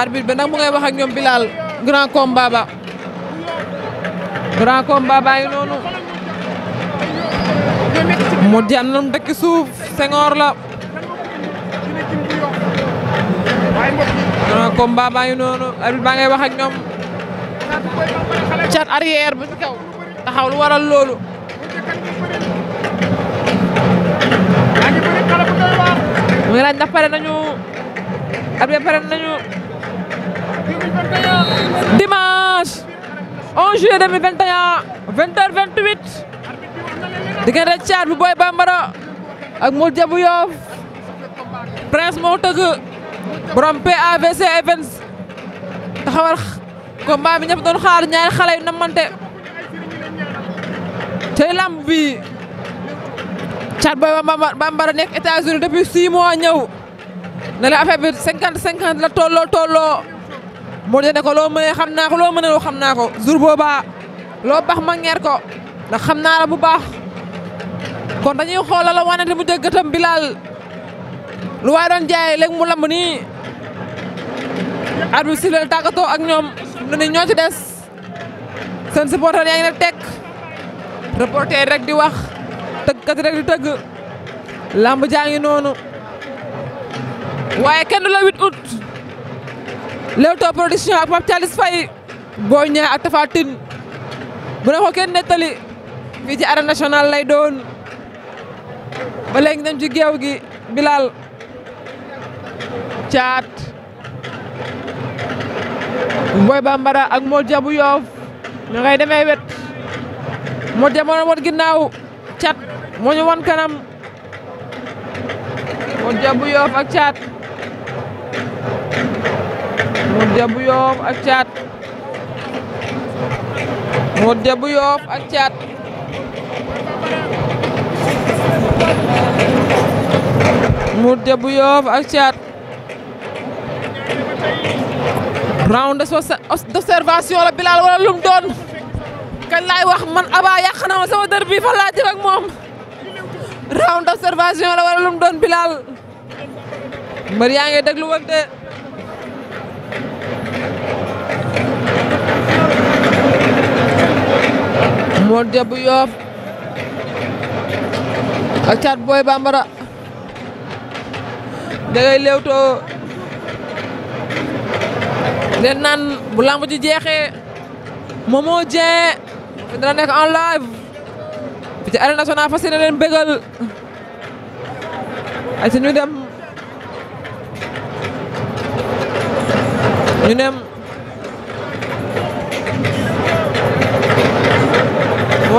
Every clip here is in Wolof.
arbitre bi nag mu ngay wax ak ñoom Bilal grand combat ba grand combat baa ngi noonu mu jànn dëkk suuf Senghor la grand combat baa ngi noonu arbitre baa ngay wax ñoom cat arrière bu ci kaw taxaw lu waral loolu mu ngi laaj ndax pare nañu arbitre pare nañu dimanche 11 juillet 2021 20h28 bu Boy Bambara ak Modou Dia bu prince moo tëgg borom PAVC events taxawal combat bi ñëpp doon xaar ñaari xale yu namante tey lamb bi caat Boy Bambara nekk États-Unis depuis 6 mois ñëw ne la affaire bi 50 50 la tolloo tolloo. Modou ne ko loo mënee xam naa ko loo mënee loo xam naa ko jour boobaa loo baax ma ngeer ko ndax xam naa la bu baax kon dañuy xoolal la wanante mu jëg gëtam Bilal lu waay doon jaay léegi mu lamb nii at bi si leen tàggatoo ak ñoom ne ni ñoo ci des seen supporter yaa ngi ne tekk reporter rek di wax tëggkat rek di tëgg lamb jaa ngi noonu waaye kenn du la 8 août Leewtoo production ak Pape Thialis Faye Boy Niang ak Tapha Tine bu na ko kenn nettali fii ci arène nationale lay doon ba léegi dem ci géew gi Bilal caat Boy Bambara ak Modou Dia bu Yoff demee wet Modou Dia moo doon won ginnaaw caat moo ñu won kanam Modou Dia ak caat Modou Dia bu ak Thiat Modou Dia bu Yoff ak Thiat Modou Dia bu ak Thiat round d'observation la Bilal wala lum doon kañ laay wax man Aba yàq na ma sama dër bi fa laa moom round d'observation la wala lum doon Bilal mbër yaa ngi déglu wante Mor bu Yoff ak Thiat Boy Bambara dangay léewtoo leen naan bu lamb ji jeexee Momo Dieng dana nekk en live ci arène nationale fas yéene leen bégal ci ñu dem ñu dem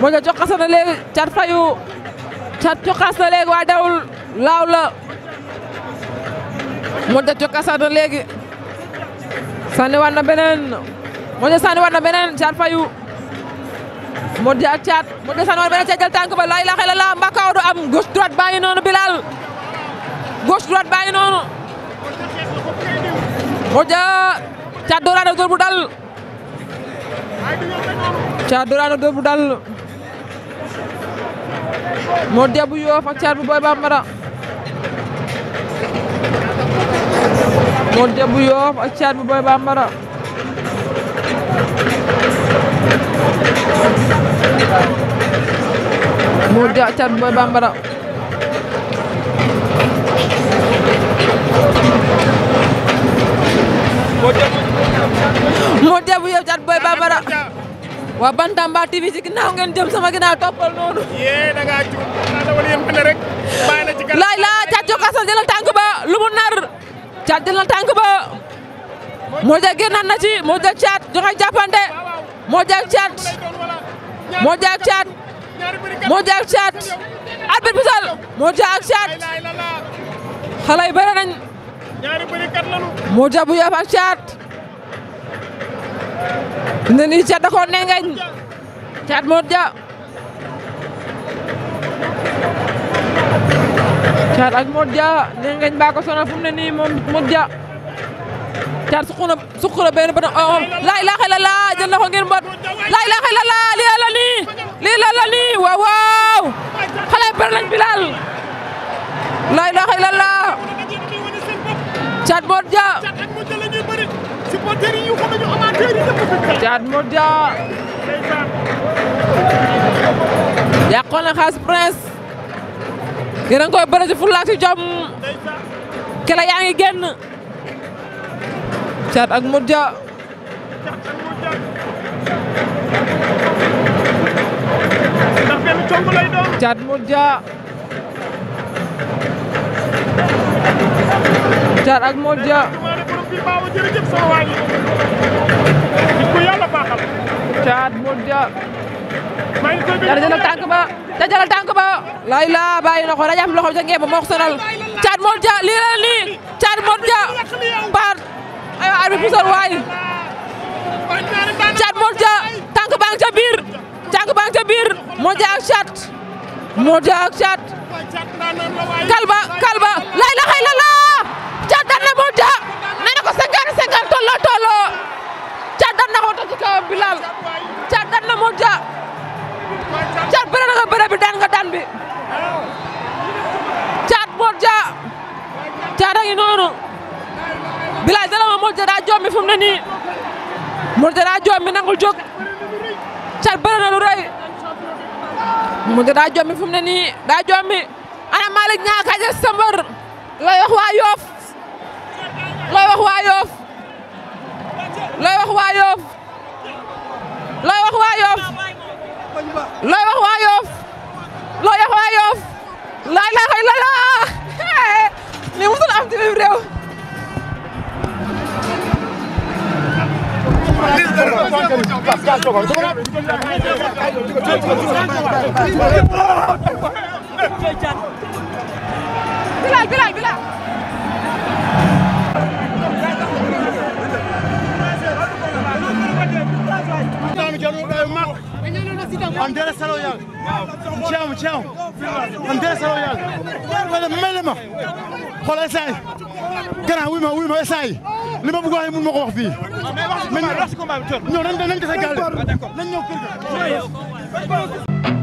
moo ja coxas na léegi cat fayu cat coxas na léegi waaye dawul laaw la moo ja coxas na léegi sànni waat na beneen moo ja sànni waat na beneen cat fayu moo ja ak cat moo ja sànni waat na beneen cat jël tànk lay laxe la la mbakaaw am gauche droite baa ngi noonu Bilal gauche droite baa ngi noonu moo ja cat dooraana dóor dal moo debu yoof bu booy bambara moo debu yoof caat bu booy bambara moo de ak debu yoof waa Bantamba TV ci ginnaaw ngeen jëm sama ginnaaw toppal noonu. yee da ngaa juum xanaa dawal yéen mën na rek. bàyyi la ci kanam laaj laa Thiat Jokalante jëlal tànk ba lu mu nar Thiat ci Modou Thiat joxe jàppante Modou Thiat ak Thiat ne nii cat da koo nengeñ cat Modou Dia cat ak Modou Dia nengeñ baa ko sonal fu ne nii moom Modou Dia cat suqu na suqu na benn bët am laa ilaaha ko ngir mbot laa ilaaha illallaah lii la nii lii la nii waaw Caat Modja yàqoon na Khass Prince yéen a ngi koy bëre ci fulla ak ci jom kela yaa ngi génn Caat ak Modja Caat Modja fii baaw jërëjëf caat mu ja ba dajaral tànk ba lay la bàyyi loxo rajo am loxo ca ngeen ba moo ko caat mu ja lii caat mu ja par aywa arbi pusal waay caat mu ja tànk ca biir caat mu kalba kalba lay la xëy caat daan na Gargar tolloo tolloo Thiat daan na ko toj ci kawam Bilal Thiat daan na Modou Dia Thiat na nga bëre bi daan nga bi Thiat Modou Dia Thiat a ngi noonu Bilal ma Modou Dia daa jommi fu mu ne nii Modou Dia daa nangul jóg Thiat bëre na lu rëy Modou Dia daa jommi nii daa jommi ana Malick ñaa kaje sambar looy wax waa Yoff looy wax waa Yoff looy wax waa Yoff looy wax waa Yoff looy wax waa Yoff laa ilaaha illallaah li musul am ci biir réew Let's go. man dee sama yàlla ma dem mel ma xool essay gannaaw wuy ma wuy ma essay li ma bëgg wax mun ma ko wax fii. mais wax si combat bi wax si combat bi ñëw nañ nañ dese gàll ah, nañ ñëw kër ga.